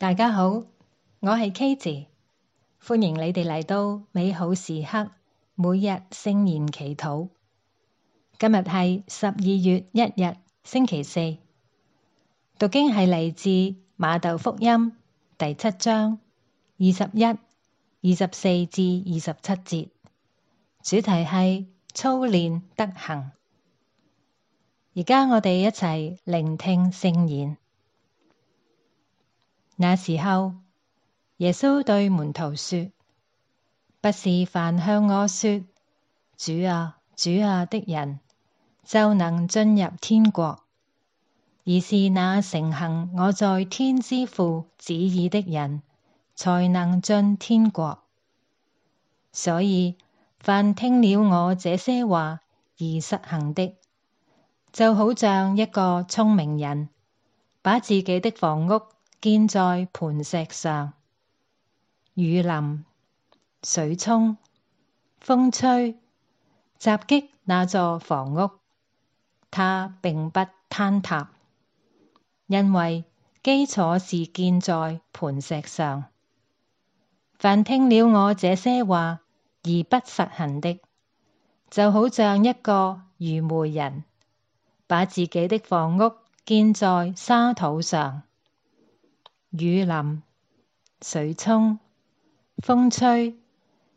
大家好，我係 Kiki，歡迎你哋嚟到美好時刻每日聖言祈禱。今日係十二月一日星期四，讀經係嚟自馬竇福音第七章二十一、二十四至二十七節，主題係操練德行。而家我哋一齊聆聽聖言。那時候，耶穌對門徒說：不是凡向我說「主啊，主啊」的人，就能進入天國；而是那承行我在天之父旨意的人，才能進天國。所以，凡聽了我這些話而實行的，就好像一個聰明人把自己的房屋，建在磐石上，雨淋、水沖、風吹，襲擊那座房屋，它並不坍塌，因為基礎是建在磐石上。凡聽了我這些話而不實行的，就好像一個愚昧人，把自己的房屋建在沙土上。雨淋、水沖、風吹，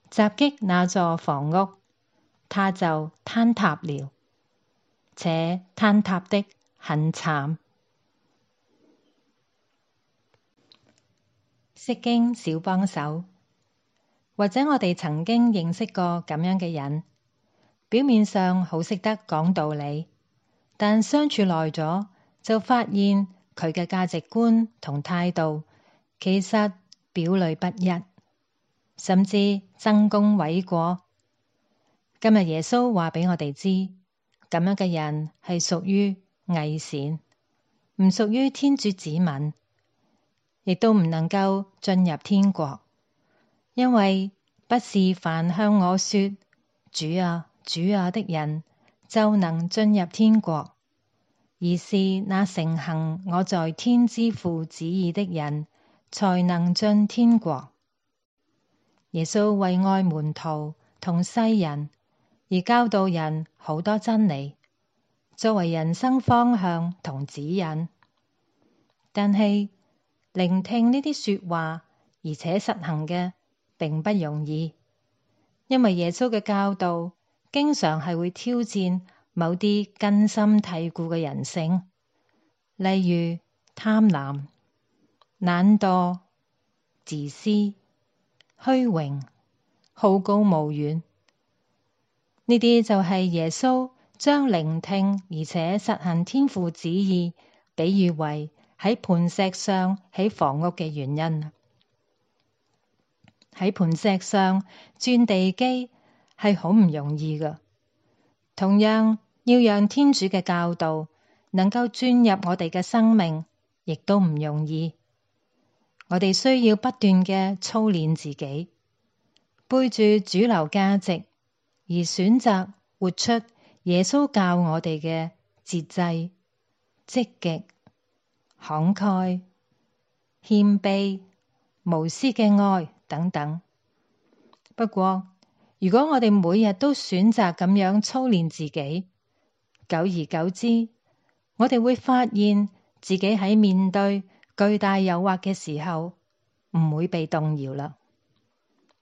襲擊那座房屋，它就坍塌了，且坍塌得很慘。釋經小幫手，或者我哋曾經認識過咁樣嘅人，表面上好識得講道理，但相處耐咗就發現。佢嘅價值觀同態度其實表裡不一，甚至爭功諉過。今日耶穌話畀我哋知，咁樣嘅人係屬於偽善，唔屬於天主子民，亦都唔能夠進入天國，因為不是凡向我說「主啊，主啊」的人就能進入天國。而是那承行我在天之父旨意的人，纔能進天國。耶穌為愛門徒同世人而教導人好多真理，作為人生方向同指引。但係聆聽呢啲說話而且實行嘅，並不容易，因為耶穌嘅教導經常係會挑戰。某啲根深蒂固嘅人性，例如貪婪、懶惰、自私、虛榮、好高騖遠，呢啲就係耶穌將聆聽而且實行天父旨意，比喻為喺磐石上起房屋嘅原因。喺磐石上鑽地基係好唔容易㗎。同樣要讓天主嘅教導能夠鑽入我哋嘅生命，亦都唔容易。我哋需要不斷嘅操練自己，背住主流價值，而選擇活出耶穌教我哋嘅節制、積極、慷慨、謙卑、無私嘅愛等等。不過，如果我哋每日都選擇咁樣操練自己，久而久之，我哋會發現自己喺面對巨大誘惑嘅時候唔會被動搖啦。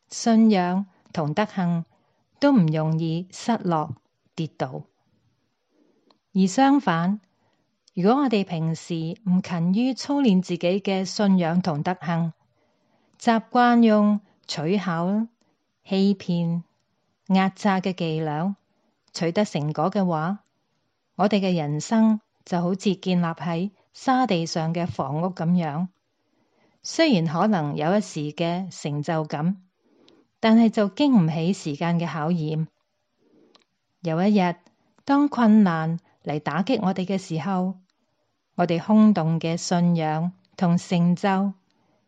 信仰同德行都唔容易失落跌倒。而相反，如果我哋平時唔勤於操練自己嘅信仰同德行，習慣用取巧、欺騙。壓榨嘅伎倆，取得成果嘅話，我哋嘅人生就好似建立喺沙地上嘅房屋咁樣，雖然可能有一時嘅成就感，但係就經唔起時間嘅考驗。有一日，當困難嚟打擊我哋嘅時候，我哋空洞嘅信仰同成就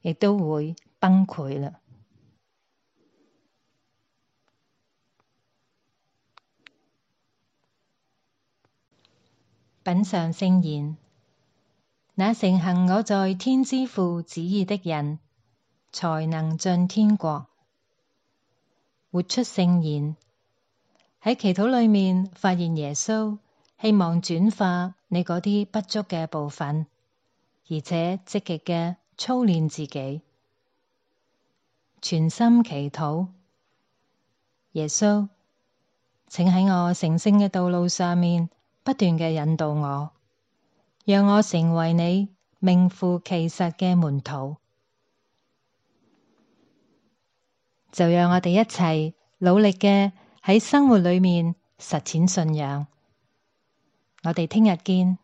亦都會崩潰啦。品嚐聖言，那承行我在天之父旨意的人，纔能進天國。活出聖言，喺祈禱裏面，發現耶穌，希望轉化你嗰啲不足嘅部分，而且積極嘅操練自己，全心祈禱。耶穌，請喺我成聖嘅道路上面。不斷嘅引導我，讓我成為你名副其實嘅門徒，就讓我哋一齊努力嘅喺生活裏面實踐信仰。我哋聽日見。